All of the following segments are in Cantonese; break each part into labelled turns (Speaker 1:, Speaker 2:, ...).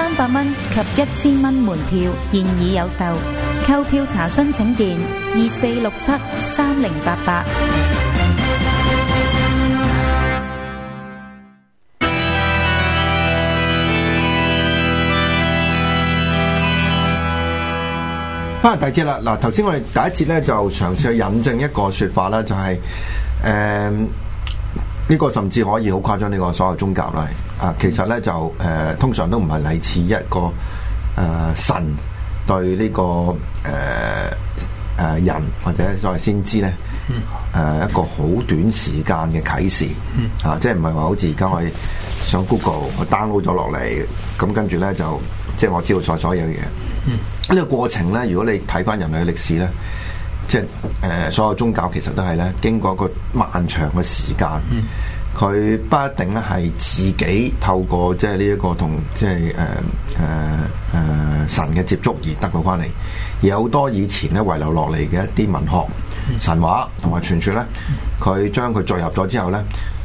Speaker 1: 三百蚊及一千蚊門票現已有售，購票查詢請電二四六七三零八八。
Speaker 2: 翻、啊、第二節啦，嗱頭先我哋第一節咧就嘗試去引證一個説法啦，就係、是、誒。嗯呢個甚至可以好誇張，呢個所有宗教啦，啊，其實咧就誒、呃，通常都唔係嚟自一個誒、呃、神對呢、這個誒誒、呃呃、人或者所謂先知咧，誒、呃、一個好短時間嘅啟示，啊，即係唔係話好似而家我上 Google 我 download 咗落嚟，咁、嗯嗯、跟住咧就即係我知道晒所有嘢。呢、嗯、個過程咧，如果你睇翻人類歷史咧。即係誒、呃，所有宗教其實都係咧，經過一個漫長嘅時間，佢不一定咧係自己透過即係呢一個同即係誒誒誒神嘅接觸而得到關係，而好多以前咧遺留落嚟嘅一啲文學、神話同埋傳説咧，佢將佢聚合咗之後咧，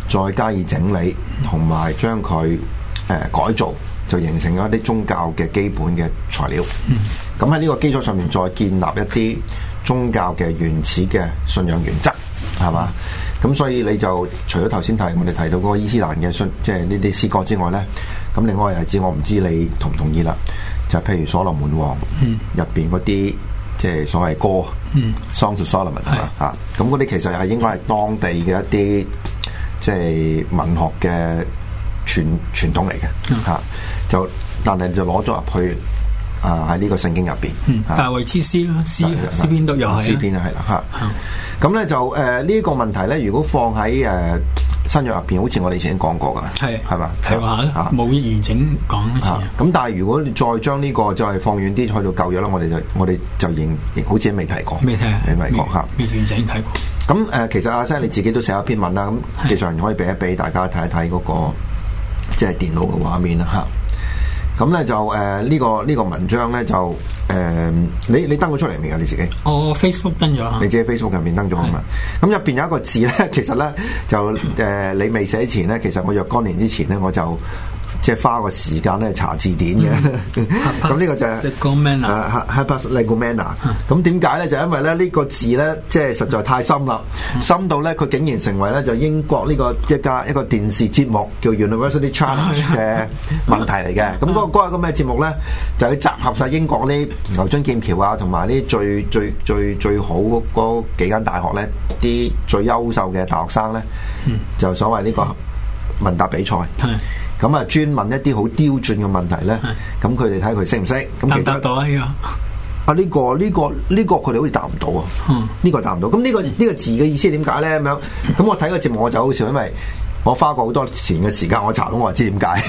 Speaker 2: 再加以整理同埋將佢誒改造，就形成咗一啲宗教嘅基本嘅材料。咁喺呢個基礎上面再建立一啲。宗教嘅原始嘅信仰原則，係嘛？咁、嗯、所以你就除咗頭先提，我哋提到嗰個伊斯蘭嘅信，即係呢啲詩歌之外咧，咁另外係指我唔知你同唔同意啦，就係、是、譬如所羅門王入邊嗰啲，即係所謂歌、嗯、Songs of Solomon，嚇，咁嗰啲其實係應該係當地嘅一啲，即係文學嘅傳傳統嚟嘅，嚇，就但係就攞咗入去。啊，喺呢個聖經入邊，嗯，
Speaker 1: 但係為詩詩咯，詩詩篇度又係詩篇
Speaker 2: 啦，係啦，嚇。咁咧就誒呢個問題咧，如果放喺誒新約入邊，好似我哋以前講過噶，係係嘛睇過下啦，
Speaker 1: 冇完整講一
Speaker 2: 次。咁但係如果你再將呢個再係放遠啲去到舊約啦，我哋就我哋就仍好似未提過，未睇，未提過，未完整睇過。咁誒，其實阿生你自己都寫一篇文啦，咁其實可以俾一俾大家睇一睇嗰個即係電腦嘅畫面啦，嚇。咁咧、嗯、就誒呢、呃這個呢、這個文章咧就誒、呃、你你登咗出嚟未啊你自己？哦、
Speaker 1: oh, Facebook 登咗嚇。你
Speaker 2: 自己 Facebook 入的、嗯、面登咗好嘛。咁入面有一個字咧，其實咧就誒、呃、你未寫前咧，其實我若干年之前咧我就。即係花個時間咧查字典嘅、mm，咁、hmm. 呢 個就係 legomenon 啊，hapax legomenon。咁點解咧？就係、因為咧呢個字咧，即係實在太深啦，mm hmm. 深到咧佢竟然成為咧就英國呢個一家一個電視節目叫 University Challenge 嘅問題嚟嘅。咁嗰嗰個咩節目咧？就去集合晒英國啲牛津劍橋啊，同埋啲最最最最好嗰幾間大學咧啲最優秀嘅大學生咧，就所謂呢個問答比賽。Mm hmm. mm hmm. 咁啊，專問一啲好刁鑽嘅問題咧，咁佢哋睇佢識唔識？難達到啊呢個啊呢個呢個呢個佢哋好似答唔到啊，呢、啊這個答唔、這個這個、到。咁呢、嗯、個呢、這個嗯、個字嘅意思係點解咧？咁樣，咁我睇個節目我就好笑，因為我花過好多錢嘅時間我查，到我知點解，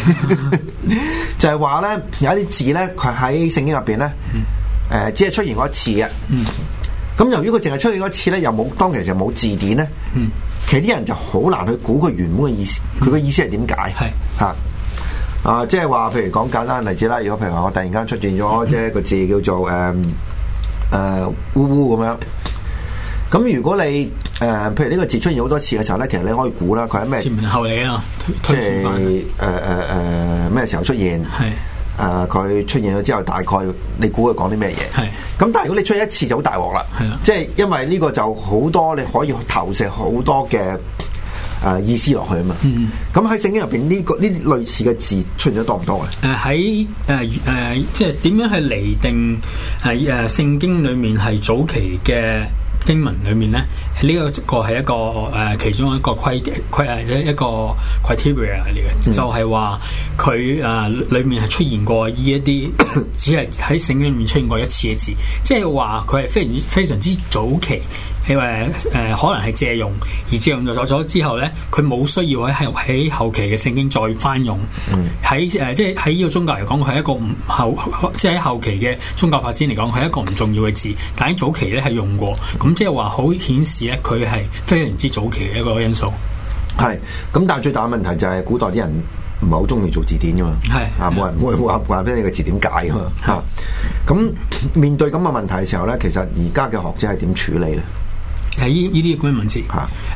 Speaker 2: 就係話咧有一啲字咧佢喺聖經入邊咧，誒、呃、只係出現過一次嘅。咁、嗯、由於佢淨係出現嗰一次咧，又冇當其時冇字典咧。嗯其實啲人就好難去估佢原本嘅意思，佢嘅意思係點解？係吓啊，即係話，譬如講簡單嘅例子啦，如果譬如話我突然間出現咗即係一個字叫做誒誒嗚嗚咁樣，咁如果你誒譬如呢個字出現好多次嘅時候咧，其實你可以估啦，佢係咩？前、
Speaker 1: 後嚟啊，即係誒誒
Speaker 2: 誒咩時候出現？係。誒，佢、呃、出現咗之後，大概你估佢講啲咩嘢？係的。咁但係如果你出現一次就好大鑊啦。係的。即係因為呢個就好多你可以投射好多嘅誒、呃、意思落去啊嘛。嗯。咁喺聖經入邊呢個呢啲類似嘅字出現咗多唔多嘅？
Speaker 1: 誒喺誒誒，即係點樣去厘定係誒、呃、聖經裡面係早期嘅？.經文裏面咧，呢、這個、一個係一個誒其中一個規規啊，呃、一一個 criteria 嚟嘅，嗯、就係話佢誒裏面係出現過呢一啲，只係喺聖經裏面出現過一次嘅字，即係話佢係非常非常之早期。你話誒可能係借用，而借用咗咗之後咧，佢冇需要喺後喺後期嘅聖經再翻用，喺誒即係喺呢個宗教嚟講佢係一個唔後，即係喺後期嘅宗教發展嚟講佢係一個唔重要嘅字，但喺早期咧係用過，咁即係話好顯示咧佢係非常之早期嘅一個因素。係，咁但係最大嘅問題就係古代啲人唔係好中意做字典噶嘛，係
Speaker 2: 啊冇人會話話俾你個字點解咁啊？咁面對咁嘅問題嘅時候咧，其實而家嘅學者係點處理咧？
Speaker 1: 喺呢依啲咁嘅文字，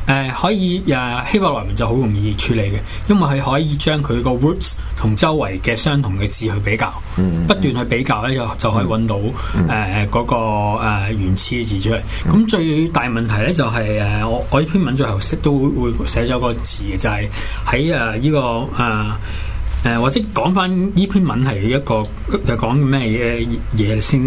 Speaker 1: 誒可以誒希伯來文就好容易處理嘅，因為係可以將佢個 roots 同周圍嘅相同嘅字去比較，嗯嗯嗯不斷去比較咧就就可以揾到誒嗰、呃嗰個原始嘅字出嚟。咁最大問題咧就係、係、誒我我依篇文最後都會寫咗個字就係喺誒依個誒誒或者講翻呢篇文係一個係講咩嘢先？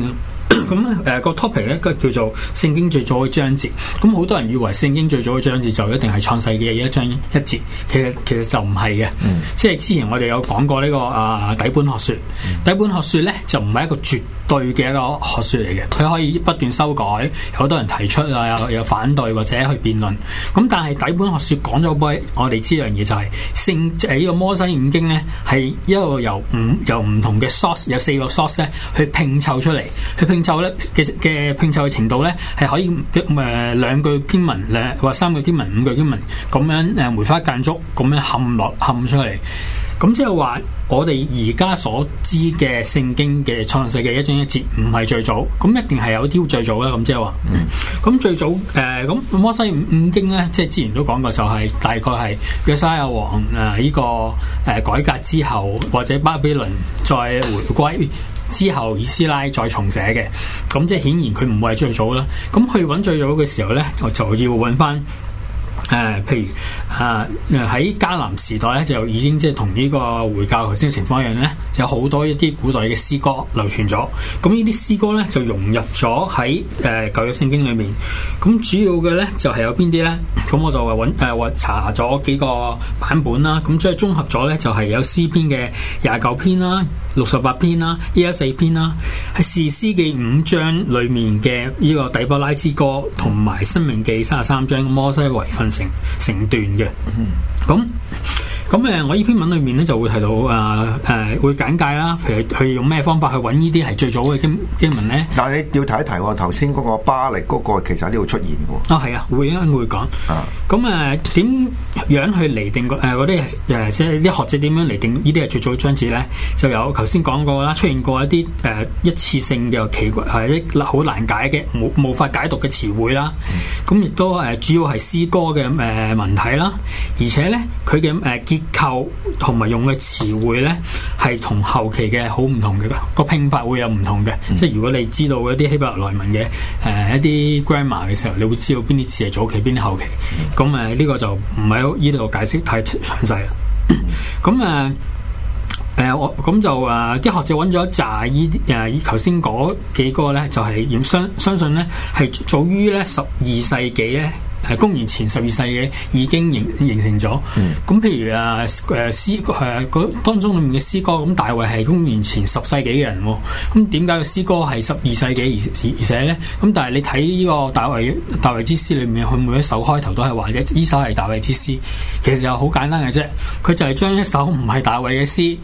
Speaker 1: 咁誒個 topic 咧，佢叫做聖經最早嘅章節。咁好多人以為聖經最早嘅章節就一定係創世記嘅一章一節，其實其實就唔係嘅，嗯、即係之前我哋有講過呢、這個啊底本學說，底本學說咧就唔係一個絕對嘅一個學說嚟嘅，佢可以不斷修改。好多人提出啊，有有反對或者去辯論。咁但係底本學說講咗句，我哋知樣嘢就係聖、啊這個、摩呢個摩西五經咧係一個由五由唔同嘅 source 有四個 source 咧去拼湊出嚟，去拼。湊咧嘅嘅拼湊嘅程度咧，係可以嘅誒，兩句經文誒，或三個經文、五句經文咁樣誒，梅花間竹咁樣嵌落嵌出嚟。咁即係話，我哋而家所知嘅聖經嘅創世記一章一節唔係最早，咁一定係有啲最早啦。咁即係話，咁最早誒，咁摩西五經咧，即係之前都講過，就係大概係約西亞王誒呢個誒改革之後，或者巴比倫再回歸。之後以斯拉再重寫嘅，咁即係顯然佢唔會係最早啦。咁去揾最早嘅時候咧，我就要揾翻。誒、呃，譬如啊，誒喺迦南時代咧，就已經即係同呢個回教頭先嘅情況一樣咧，就有好多一啲古代嘅詩歌流傳咗。咁呢啲詩歌咧，就融入咗喺誒舊約聖經裏面。咁主要嘅咧，就係、是、有邊啲咧？咁我就揾誒，我、呃、查咗幾個版本啦。咁、啊、即係綜合咗咧，就係有詩篇嘅廿九篇啦、六十八篇啦、一四篇啦，係士師記五章裏面嘅呢個底波拉斯歌，同埋申命記三十三章摩西遺訓。成，成段嘅，咁、mm。Hmm. 咁誒，我呢篇文裏面咧就會提到誒誒、呃，會簡介啦。譬如佢用咩方法去揾呢啲係最早嘅經經文咧？但係你要提一提
Speaker 2: 喎，頭先嗰個巴力嗰個其實喺呢度出現喎。啊、哦，
Speaker 1: 係啊，會啊，會講。啊，咁誒點樣去釐定個嗰啲誒即係啲學者點樣嚟定呢啲係最早嘅章節咧？就有頭先講過啦，出現過一啲誒、呃、一次性嘅奇怪，係一好難解嘅無無法解讀嘅詞彙啦。咁亦、嗯、都誒主要係詩歌嘅誒文體啦，而且咧佢嘅誒結構同埋用嘅詞彙咧，係同後期嘅好唔同嘅，個拼法會有唔同嘅。嗯、即係如果你知道一啲希伯來文嘅誒、呃、一啲 grammar 嘅時候，你會知道邊啲字係早期，邊啲後期。咁誒呢個就唔喺呢度解釋太詳細啦。咁誒誒我咁就誒啲、啊啊、學者揾咗一揸依啲誒，頭先嗰幾個咧就係、是、相相信咧係早於咧十二世紀咧。係公元前十二世紀已經形形成咗。咁、嗯、譬如啊，誒詩誒、啊、當中裏面嘅詩歌，咁大衛係公元前十世紀嘅人喎、哦。咁點解個詩歌係十二世紀而而寫咧？咁但係你睇呢個大衛大衛之詩裏面，佢每一首開頭都係話者，呢首係大衛之詩。其實又好簡單嘅啫，佢就係將一首唔係大衛嘅詩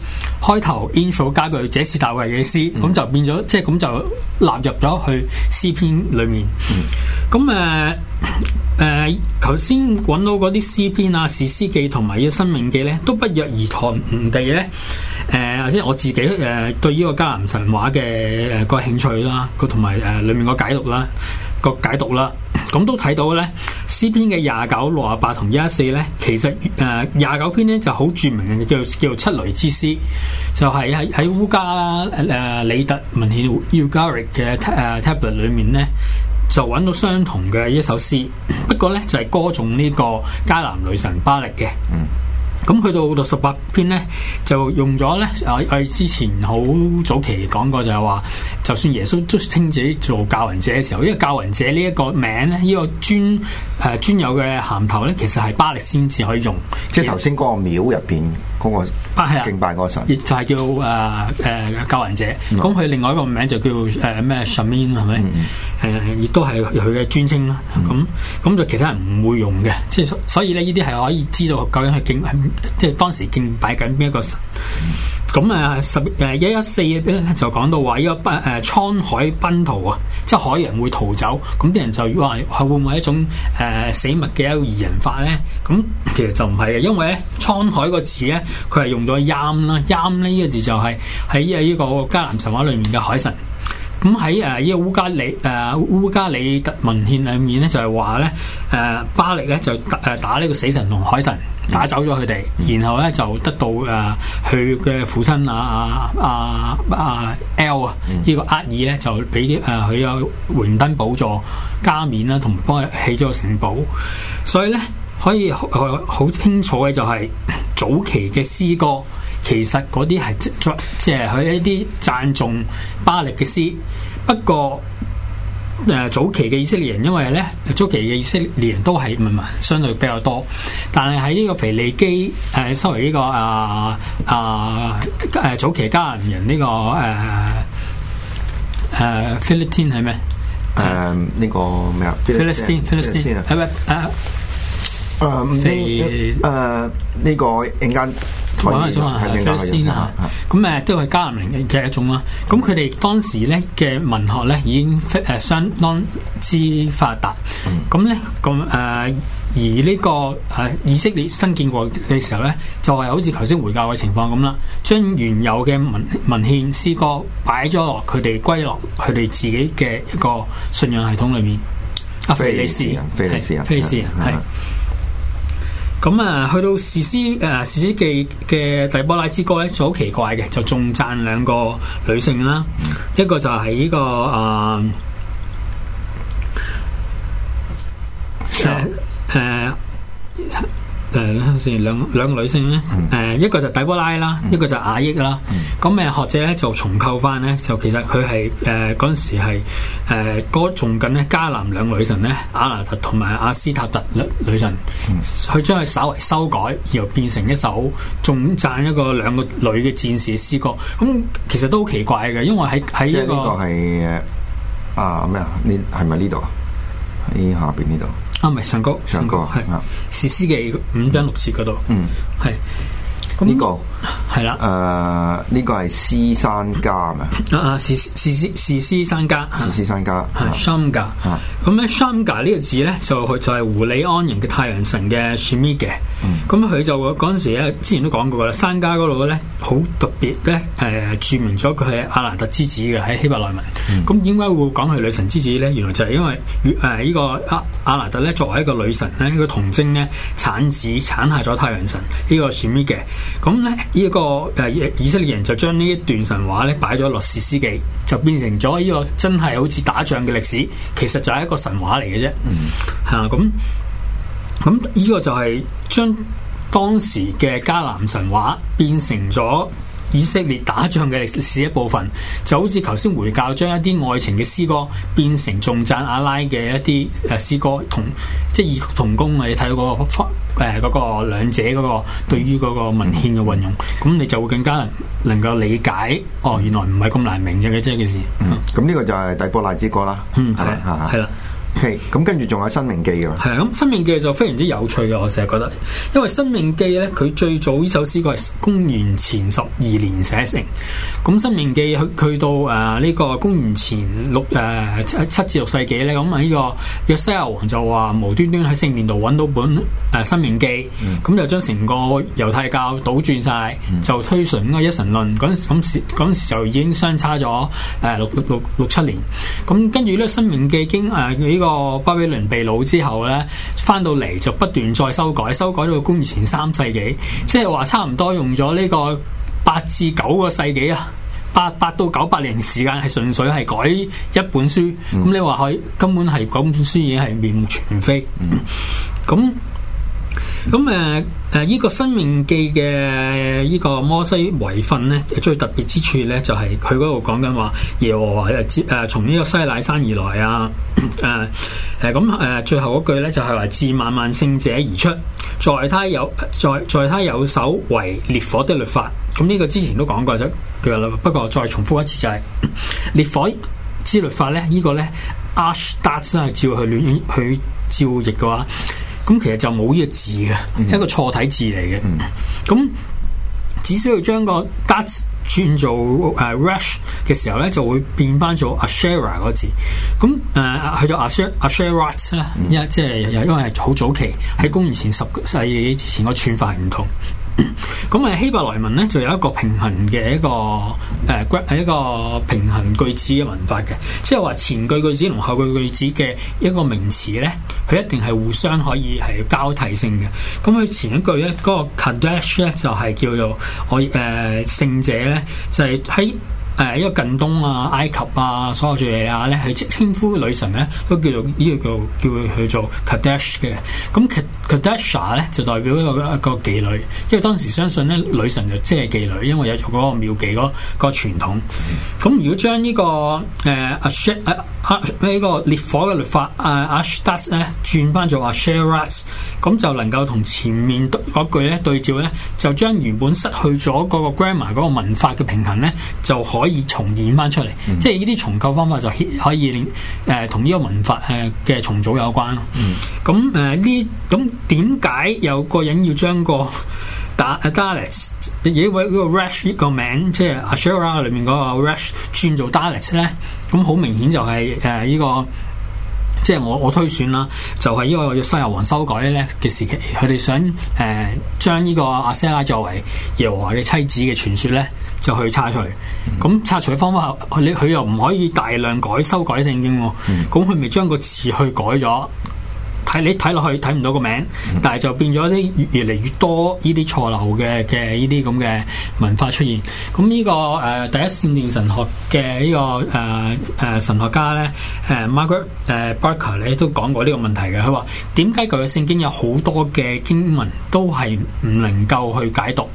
Speaker 1: 開頭 intro 加句這是大衛嘅詩，咁、嗯、就變咗，即係咁就納入咗去詩篇裏面。咁誒、嗯。誒頭先揾到嗰啲詩篇啊、士師記同埋嘅申命記咧，都不約而同唔地咧，誒或者我自己誒對呢個迦南神話嘅誒個興趣啦，佢同埋誒裡面個解讀啦、個解讀啦，咁都睇到咧詩篇嘅廿九、六十八同一一四咧，其實誒廿九篇咧就好著名嘅，叫叫做七雷之詩，就係喺喺烏加誒理德文獻 Ugarit 嘅誒 tablet 裏面咧。就揾到相同嘅一首詩，不過呢就係、是、歌頌呢、這個迦南女神巴力嘅。咁去到六十八篇呢，就用咗呢。啊，我之前好早期講過就係話。就算耶穌都稱自己做教雲者嘅時候，因為教雲者呢一個名咧，呢、呢個專誒專有嘅銜頭咧，其實係巴力先至可以用，即係頭先嗰個廟入邊嗰個、啊啊、敬拜嗰個神，亦就係叫誒誒、啊啊、教雲者。咁佢、啊、另外一個名就叫誒咩、啊、Shamin 係咪？亦、啊、都係佢嘅尊稱啦。咁咁就其他人唔會用嘅。即係所以呢，呢啲係可以知道究竟係敬係即係當時敬拜緊邊一個神。嗯咁誒十誒一一四咧就講到話呢個奔誒滄海奔逃啊，即係海洋會逃走，咁啲人就話係會唔會一種誒、啊、死物嘅一個擬人法咧？咁其實就唔係嘅，因為咧滄海個字咧，佢係用咗音啦，音咧呢個字就係喺誒呢個迦南神話裏面嘅海神。咁喺誒呢個烏加里誒、啊、烏加里特文獻裏面咧，就係話咧誒巴力咧就誒打呢個死神同海神。打走咗佢哋，然後咧就得到誒佢嘅父親啊啊啊啊 L 啊，嗯、個爾呢個厄爾咧就俾誒佢有榮登寶座、加冕啦，同埋幫佢起咗個城堡。所以咧可以好清楚嘅就係、是、早期嘅詩歌，其實嗰啲係即係佢一啲讚頌巴力嘅詩，不過。誒早期嘅以色列人，因為咧，早期嘅以色列人都係唔唔相對比較多，但係喺呢個腓尼基誒，收嚟呢個啊啊誒早期迦南人人呢、這個誒誒 Philistine 係咩、uh，
Speaker 2: 這個？誒呢個咩啊？Philistine p h 呢個陣間。台灣嗰
Speaker 1: 咁誒都係迦南文明嘅一種啦。咁佢哋當時咧嘅文學咧已經誒相當之發達。咁咧咁誒而呢個誒以色列新建國嘅時候咧，就係好似頭先回教嘅情況咁啦，將原有嘅文文獻詩歌擺咗落佢哋歸落佢哋自己嘅一個信仰系統裏面。阿菲利斯，菲利斯啊，菲利斯係。咁啊，去到《士師》誒《士師記》嘅《底波拉之歌》咧，就好奇怪嘅，就仲讚兩個女性啦，嗯、一個就係呢、這個誒。呃呃呃誒嗰陣時兩個女性咧，誒一個就底波拉啦，一個就雅億啦。咁誒、嗯、學者咧就重構翻咧，就其實佢係誒嗰陣時係誒嗰重緊咧迦南兩個女神咧，阿娜特同埋阿斯塔特女女神，佢將佢稍為修改，然後變成一首仲讚一個兩個女嘅戰士嘅詩歌。咁、嗯、其實都好奇怪嘅，因為喺喺一個係
Speaker 2: 誒啊咩啊？
Speaker 1: 呢係咪呢度啊？喺下邊呢度？啊，唔係上高，上高係士師記五章六節嗰度，嗯，是嗯，係。呢個係啦，誒，呢個係詩山家。嘛、啊？啊 Shanga, 啊，詩詩詩詩山家，詩詩山加 Shanga 咁咧 Shanga 呢個字咧，就就係胡里安人嘅太陽神嘅 Shmig 嘅。咁佢就嗰陣時咧，之前都講過啦。山家嗰度咧，好特別咧，誒，注明咗佢係阿納特之子嘅，喺希伯來文。咁點解會講佢女神之子咧？原來就係因為，誒，呢個阿阿納特咧，作為一個女神咧，這個童貞咧，產子產下咗太陽神、這個、ua，呢個 Shmig 嘅。咁咧。呢一，這個以，以色列人就將呢一段神話咧擺咗落士師記，就變成咗呢個真係好似打仗嘅歷史，其實就係一個神話嚟嘅啫。嚇咁咁呢個就係將當時嘅迦南神話變成咗。以色列打仗嘅歷史一部分，就好似頭先回教將一啲愛情嘅詩歌變成頌讚阿拉嘅一啲誒詩歌，同即係異曲同工。你睇到嗰個誒、嗰個兩、嗰個嗰個嗰個、者嗰、嗰個對於嗰個文獻嘅運用，咁你就會更加能能夠理解。哦，原來唔係咁難明嘅嘅即件事。咁呢個就係底波拉之歌啦。嗯，係啦，係啦。咁跟住仲有《申命記》噶，係咁《申命記》就非常之有趣嘅，我成日覺得，因為《申命記》咧，佢最早呢首詩歌係公元前十二年寫成。咁《申命記》去去到誒呢個公元前六誒七至六世紀咧，咁呢個約西亞王就話無端端喺聖殿度揾到本誒《申命記》，咁就將成個猶太教倒轉晒，就推崇呢個一神論。嗰陣時，咁時陣時就已經相差咗誒六六六七年。咁跟住咧，《申命記》經誒呢個。個巴比倫秘魯之後呢，返到嚟，就不斷再修改，修改到公元前三世紀，即係話差唔多用咗呢個八至九個世紀啊，八八到九百年時間係純粹係改一本書，咁、嗯、你話佢根本係本書已經係面目全非，咁、嗯。咁誒誒依個《申命記》嘅、這個、呢個摩西遺訓咧，最特別之處咧就係佢嗰度講緊話，耶和華誒自誒從呢個西乃山而來啊誒誒咁誒最後句咧就係話自萬萬聖者而出，在他有在在他有手為烈火的律法，咁、這、呢個之前都講過咗嘅，不過再重複一次就係、是、 烈火之律法咧，這個、呢個咧阿什達斯係照佢暖佢照譯嘅話。咁其實就冇呢個字嘅，嗯、一個錯體字嚟嘅。咁、嗯、只需要將個 dust 轉做誒、uh, rush 嘅時候咧，就會變翻做 ashera 嗰字。咁誒去咗 ashera ashera 咧，因即係又因為係好早期喺公元前十,十世紀之前，個串法係唔同。咁啊希伯來文咧就有一個平衡嘅一個誒句係一個平衡句子嘅文法嘅，即係話前句句子同後句句子嘅一個名詞咧，佢一定係互相可以係交替性嘅。咁佢前一句咧嗰、那個 Kadesh 咧就係、是、叫做我誒、呃、聖者咧，就係喺誒一個近東啊、埃及啊、所有主裏亞敘利亞咧，係稱呼女神咧都叫做呢、這個叫叫佢做 Kadesh 嘅。咁佢。Kadasha 咧就代表一個一個妓女，因為當時相信咧女神就即係妓女，因為有咗嗰個廟妓嗰個傳統。咁、嗯、如果將呢、呢個誒、呃、Ash 啊呢、啊啊呢個烈火嘅律法啊、Ash、ats, a s h a 咧轉翻做 Asheras 咁就能夠同前面嗰句咧對照咧，就將原本失去咗嗰個 grammar 嗰個文化嘅平衡咧，就可以重現翻出嚟。嗯、即係呢啲重構方法就可以令誒同呢個文化誒嘅重組有關咯。咁誒呢咁。嗯點解有個人要將個打 Dalet 嘢位嗰個 Rash 個名，即係阿 Shara 裏面嗰個 Rash，轉做 Dalet 咧？咁好明顯就係誒依個，即係我我推選啦，就係呢個西亞王修改咧嘅時期，佢哋想誒、呃、將呢個阿 Shara 作為耶和華嘅妻子嘅傳說咧，就去拆除。咁拆除嘅方法，佢佢又唔可以大量改修改聖經，咁佢咪將個字去改咗？睇你睇落去睇唔到個名，但係就變咗啲越嚟越多呢啲錯漏嘅嘅呢啲咁嘅文化出現。咁呢、這個誒、呃、第一聖殿神學嘅呢、這個誒誒、呃、神學家咧，誒、呃、Margaret 誒、呃、Barker 咧都講過呢個問題嘅。佢話點解佢聖經有好多嘅經文都係唔能夠去解讀，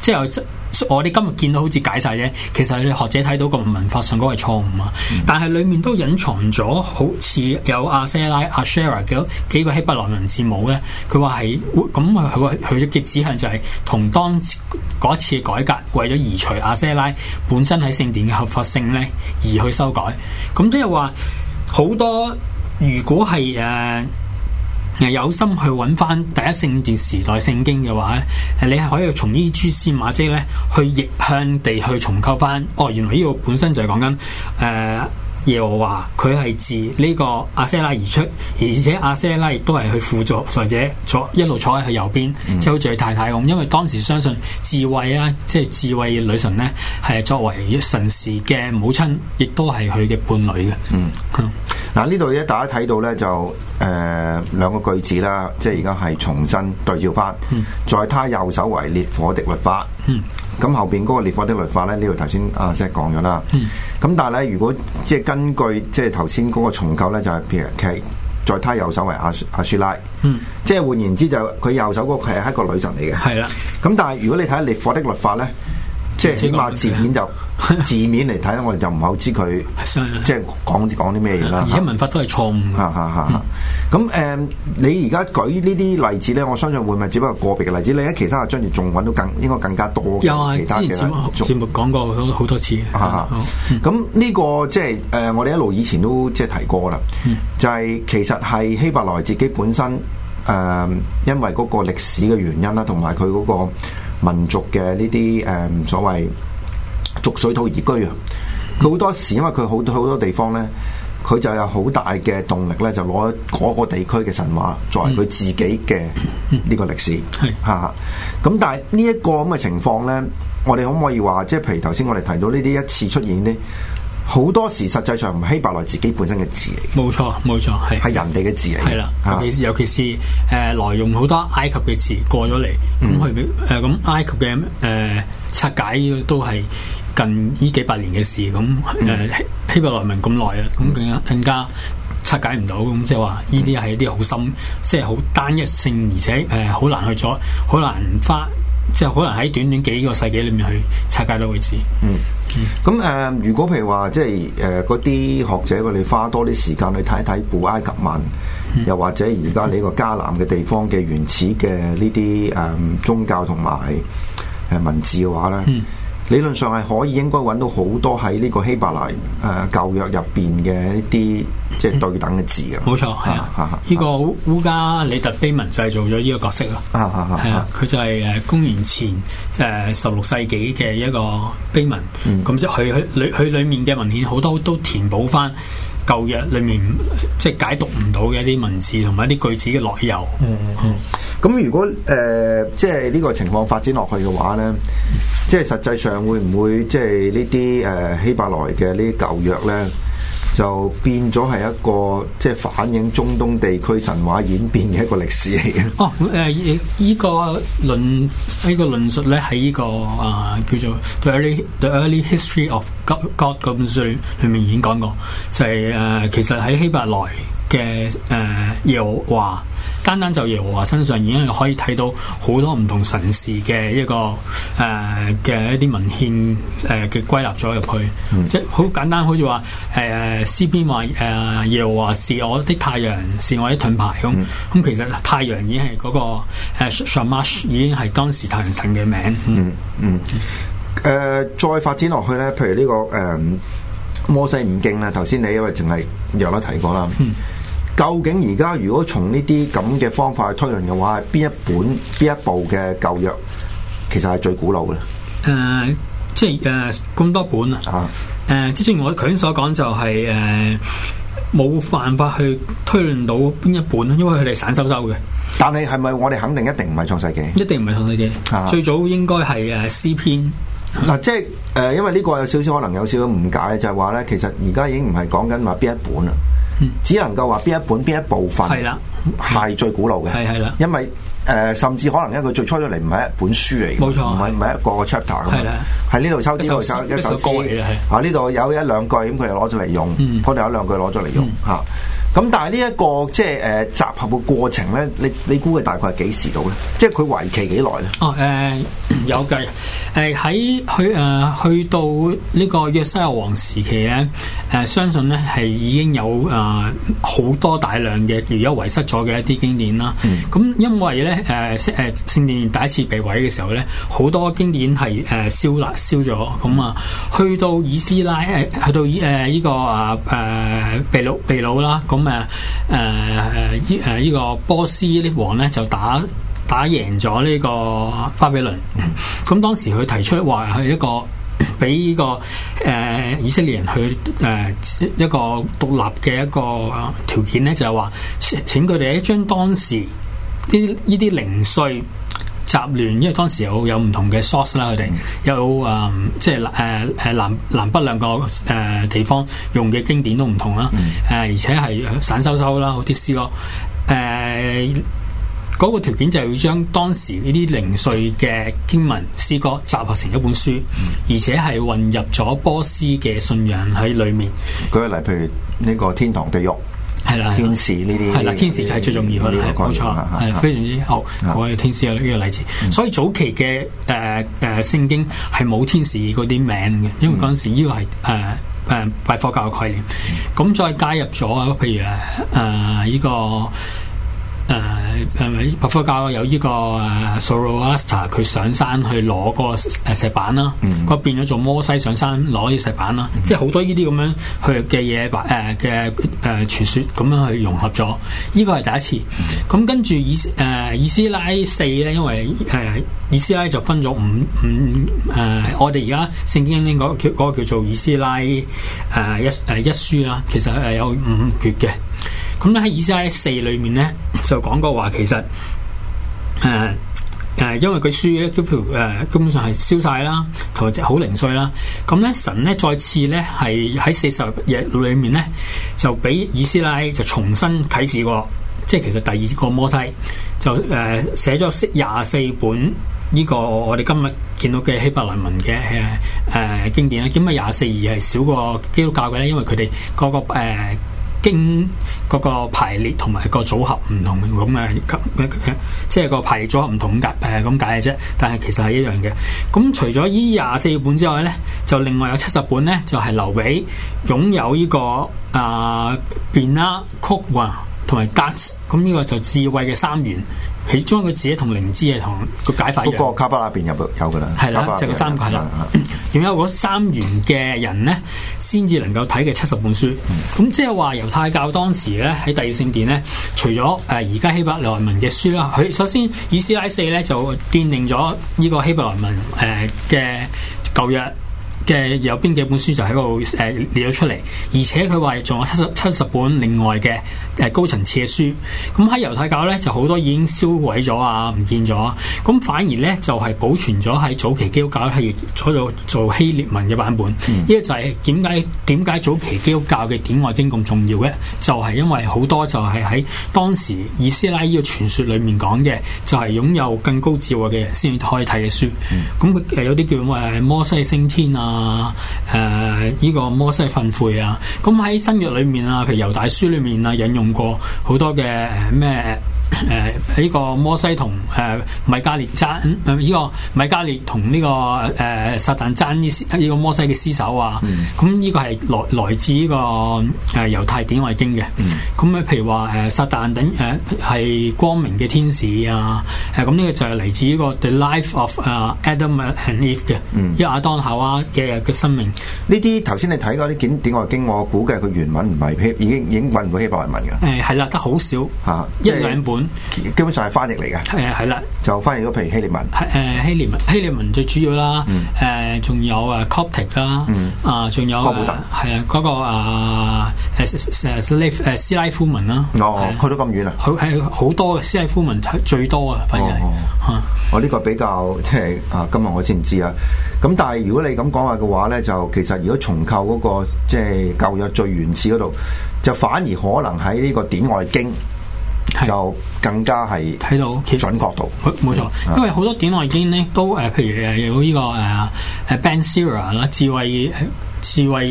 Speaker 1: 即係。我哋今日見到好似解晒啫，其實你學者睇到個文法上嗰個係錯誤啊，嗯、但係裡面都隱藏咗好似有阿舍拉阿舍拉幾幾個希伯來文字母咧。佢話係咁，佢佢佢嘅指向就係、是、同當嗰一次改革為咗移除阿舍拉本身喺聖殿嘅合法性咧而去修改。咁即係話好多，如果係誒。啊有心去揾翻第一聖殿時代聖經嘅話咧，你係可以從呢啲蛛絲馬跡咧去逆向地去重構翻，哦原來呢個本身就係講緊誒。呃耶和華佢係自呢個阿瑟拉而出，而且阿瑟拉亦都係去輔助，或者坐一路坐喺佢右邊，即係好似佢太太咁。因為當時相信智慧啊，即、就、係、是、智慧女神咧，係作為神時嘅母親，亦都係佢嘅伴侶嘅。嗯，
Speaker 2: 嗱呢度咧大家睇到咧就誒、呃、兩個句子啦，即係而家係重新對照翻，在、嗯、他右手為烈火的律法。嗯，咁後邊嗰、那個烈火的律法咧，呢度頭先阿 Sir 講咗啦。嗯，咁但係咧，如果即係根據即係頭先嗰個重構咧，就係譬如 K，再睇右手為阿阿舒拉。嗯，即係換言之就佢右手嗰個係一個女神嚟嘅。係啦的，咁但係如果你睇烈火的律法咧，即係、嗯、起碼字面就。字面嚟睇咧，我哋就唔係好知佢即係講講啲咩嘢啦。而且文法都係錯誤。吓吓吓！咁誒，你而家舉呢啲例子咧，我相信會唔會只不過個別嘅例子？你喺其他啊，將住仲搵到更應該更加多嘅其他嘅。又係之前節目講過好多次。咁呢個即係誒，我哋一路以前都即係提過啦。就係其實係希伯來自己本身誒，因為嗰個歷史嘅原因啦，同埋佢嗰個民族嘅呢啲誒，所謂。逐水土而居啊！佢好多時，因為佢好多好多地方咧，佢就有好大嘅動力咧，就攞嗰個地區嘅神話作為佢自己嘅呢個歷史嚇。咁但係呢一個咁嘅情況咧，我哋可唔可以話，即係譬如頭先我哋提到呢啲一次出現呢，好多時實際上唔係希伯來自己本身嘅字嚟，冇
Speaker 1: 錯冇錯，係人哋嘅字嚟，係啦，嗯。尤其是尤其是誒內容好多埃及嘅字過咗嚟，咁佢誒咁埃及嘅誒拆解都係。近呢幾百年嘅事，咁誒希伯來文咁耐啊，咁更加更加拆解唔到咁，即係話呢啲係一啲好深，即係好單一性，而且誒好難去咗，好難花，即係可能喺短短幾個世紀裏面去拆解到位置。
Speaker 2: 嗯，咁誒、嗯呃，如果譬如話即係誒嗰啲學者，佢哋花多啲時間去睇一睇古埃及文，嗯、又或者而家你個迦南嘅地方嘅原始嘅呢啲誒宗教同埋誒文字嘅話咧。嗯理論上係可以應該揾到好多喺呢個希伯來誒、呃、舊約入邊嘅一啲即係對等嘅字嘅，冇錯係啊！依個
Speaker 1: 烏加里特碑文就係做咗呢個角色咯，係啊！佢、啊啊、就係誒公元前誒十六世紀嘅一個碑文，咁即係佢佢裏佢裏面嘅文獻好多都填補翻。舊約裏面即係解讀唔到嘅一啲文字同埋一啲句子嘅內由。嗯，咁、嗯、如果
Speaker 2: 誒、呃、即係呢個情況發展落去嘅話咧，即係實際上會唔會即係呢啲誒希伯來嘅呢啲舊約咧？就變咗係一個即係反映中東地區神話演變嘅一個歷史嚟
Speaker 1: 嘅。哦，誒、呃、依、呢個論依、呢個論述咧喺呢個啊、呃、叫做 The Early The Early History of God God 咁樣裏面已經講過，就係、是、誒、呃、其實喺希伯來嘅誒耶和華。單單就耶和華身上已經可以睇到好多唔同神事嘅一個誒嘅、呃、一啲文獻誒嘅、呃、歸納咗入去，嗯、即係好簡單，好似話誒詩篇話誒耶和華是我的太陽，是我的盾牌咁。咁、嗯、其實太陽已經係嗰、那個、啊、Shamash 已經係當時太陽神嘅名。嗯嗯、
Speaker 2: 嗯、呃、再發展落去咧，譬如呢、這個誒摩、呃、西五經咧，頭先你因為淨係有得提過啦。嗯究竟而家如果從呢啲咁嘅方法去推論嘅話，係邊一本、邊一部嘅舊約，其實係最古老嘅。誒、
Speaker 1: 呃，即係誒咁多本啊。誒、啊呃，之前我強所講就係誒冇辦法去推論到邊一本，因為佢哋散收收嘅。
Speaker 2: 但係係咪我哋肯定一定唔係創世紀？
Speaker 1: 一定唔係創世紀。啊、最早應該係誒詩篇。嗱，即係誒、呃，因為
Speaker 2: 呢個有少少可能有少少誤解，就係話咧，其實而家已經唔係講緊話邊一本啦。只能夠話邊一本邊一部分係啦，係最古老嘅，係係啦。因為誒，甚至可能因為佢最初出嚟唔係一本書嚟嘅，冇錯，唔係唔係一個個 chapter 咁啊，喺呢度抽啲，度抽一首歌嚟啊，呢度有一兩句咁，佢就攞咗嚟用，可能有一兩句攞咗嚟用吓。咁但係呢一個即係誒集合嘅過程咧，你你估佢大概係幾時到咧？即係佢為期幾耐咧？
Speaker 1: 哦誒、呃、有計誒，喺、呃、去誒、呃、去到呢個約西亞王時期咧誒、呃、相信咧係已經有誒好、呃、多大量嘅，而有遺失咗嘅一啲經典啦。咁、嗯、因為咧誒誒聖殿第一次被毀嘅時候咧，好多經典係誒燒啦燒咗。咁啊，去到以斯拉誒去到誒、這、呢個啊誒、呃、被擄被擄啦咁。誒誒誒呢誒呢個波斯呢王咧就打打贏咗呢個巴比倫，咁、嗯、當時佢提出話係一個俾呢、這個誒、呃、以色列人去誒、呃、一個獨立嘅一個條件咧，就係話請佢哋將當時啲呢啲零碎。雜亂，因為當時有 source、嗯、有唔同嘅 source 啦，佢哋有誒，即係誒誒南南北兩個誒地方用嘅經典都唔同啦，誒、嗯呃、而且係散修修啦，好啲詩咯，誒、呃、嗰、那個條件就係要將當時呢啲零碎嘅經文詩歌集合成一本書，嗯、而且係混入咗波斯嘅信仰喺裡面。舉個例，譬如呢個天堂地獄。係啦，天使呢啲係啦，的天使就係最重要，嘅係冇錯，係非常之好。我哋天使有呢個例子，嗯、所以早期嘅誒誒聖經係冇天使嗰啲名嘅，因為嗰陣時呢個係誒誒拜火教嘅概念，咁、嗯、再加入咗譬如誒誒呢個。誒係咪拜火教有呢、呢個誒 Zoroaster 佢上山去攞嗰個石板啦，佢變咗做摩西上山攞依石板啦，嗯、即係好多呢啲咁樣去嘅嘢白嘅誒傳說咁樣去融合咗。呢個係第一次。咁、嗯啊、跟住以誒、啊、以斯拉四咧，因為誒、啊、以斯拉就分咗五五誒、啊，我哋而家聖經嗰叫、嗰個嗰個叫做以斯拉誒、啊、一誒、啊、一書啦，其實係有五卷嘅。咁咧喺以斯拉四裏面咧就講過話，其實誒誒、呃呃，因為佢書咧嗰條誒，基本上係消晒啦，同埋即係好零碎啦。咁咧神咧再次咧係喺四十日裏面咧就俾以斯拉就重新啟示過，即係其實第二個摩西就誒寫咗廿四本呢個我哋今日見到嘅希伯來文嘅誒、呃、經典啦。點解廿四二係少過基督教嘅咧？因為佢哋嗰個誒。呃經嗰個排列同埋個組合唔同咁啊、嗯，即係個排列組合唔同咁解誒咁解嘅啫。但係其實係一樣嘅。咁、嗯、除咗依廿四本之外咧，就另外有七十本咧，就係、是、留俾擁有呢、這個啊變啦、曲啊同埋 dance。咁呢、嗯這個就智慧嘅三元。佢將個字同靈智嘅同個解法一樣。
Speaker 2: 卡巴拉那邊有有噶啦，係啦的，就個三個啦。
Speaker 1: 仲有嗰三元嘅、嗯、人咧，先至能夠睇嘅七十本書。咁、嗯、即係話猶太教當時咧喺第二聖殿咧，除咗誒而家希伯來文嘅書啦，佢首先以斯拉四咧就奠定咗呢個希伯來文誒嘅舊約。嘅有邊幾本書就喺度誒列咗出嚟，而且佢話仲有七十七十本另外嘅誒、呃、高層次嘅書。咁喺猶太教咧，就好多已經燒毀咗啊，唔見咗。咁反而咧就係、是、保存咗喺早期基督教係採做做希臘文嘅版本。呢個、嗯、就係點解點解早期基督教嘅典外經咁重要嘅？就係、是、因為好多就係喺當時以斯拉呢個傳說裡面講嘅，就係、是、擁有更高智慧嘅人先至可以睇嘅書。咁佢、嗯、有啲叫誒摩西升天啊。啊，誒，呢個摩西訓誨啊，咁喺新約裏面啊，譬如猶大書裏面啊引用過好多嘅誒咩？誒，呢個摩西同誒米加列爭，呢個米加列同呢個誒撒旦爭呢？呢個摩西嘅屍首啊，咁呢個係來來自呢個誒猶太典外經嘅。咁啊，譬如話誒撒旦等誒係光明嘅天使啊，誒咁呢個就係嚟自呢個 The Life of 誒 Adam and Eve 嘅，即係亞當夏娃嘅嘅生命。
Speaker 2: 呢啲頭先你睇嗰啲典典外經我估計佢原文唔係已經已經混到希伯來文嘅。
Speaker 1: 誒係啦，得好少
Speaker 2: 吓一兩本。基本上係翻譯嚟嘅，係啊係啦，就翻譯咗譬如希臘文，
Speaker 1: 誒希臘文希臘文最主要啦，誒仲有誒 Coptic 啦，啊仲有係啊嗰個啊誒誒斯拉夫文啦，哦去到咁遠啊，好喺好多嘅斯拉夫文最多反而哦哦哦啊翻譯，吓
Speaker 2: 我呢個比較即係啊今日我先知啊。咁但係如果你咁講話嘅話咧，就其實如果重構嗰、嗰個即係舊約最原始嗰度，就反而可能喺呢個典外經。就更加係睇到準確度，冇錯、嗯，
Speaker 1: 因為好多典我已經咧都誒、啊、譬如誒有呢個誒誒 Ben Sira 啦，智慧智慧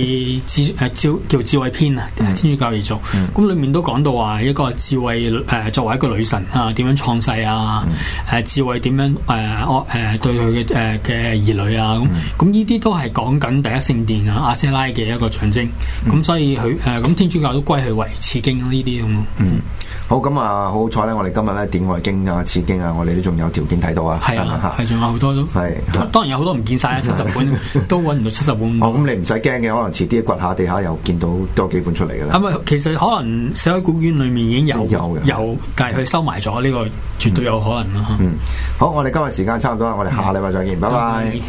Speaker 1: 智誒召叫智慧篇啊，嗯、天主教而做，咁、嗯、裏面都講到話一個智慧誒作為一個女神啊，點樣創世啊，誒、嗯、智慧點樣誒誒、啊啊啊、對佢嘅誒嘅兒女啊，咁咁呢啲都係講緊第一聖殿啊，亞舍拉嘅一個象徵，咁、嗯嗯、所以佢誒咁天主教都歸佢為次經呢啲咁咯，嗯，
Speaker 2: 好咁啊。啊，好彩咧！我哋今日咧典外經啊、次經啊，我哋都仲有條件睇到啊。係啊，係仲、啊啊、有好多都。係、
Speaker 1: 啊，當然有好多唔見晒啊！七十本都揾唔到七十本。
Speaker 2: 咁、 哦嗯、你唔使驚嘅，可能遲啲掘下地下又見到多幾本出嚟嘅咧。係
Speaker 1: 咪、啊？其實可能死海古卷裏面已經有有的有，但係佢收埋咗呢個，絕對有可能咯、啊。嗯，好，我哋今日時間差唔多啦，我哋下禮拜再見，拜拜的。Bye bye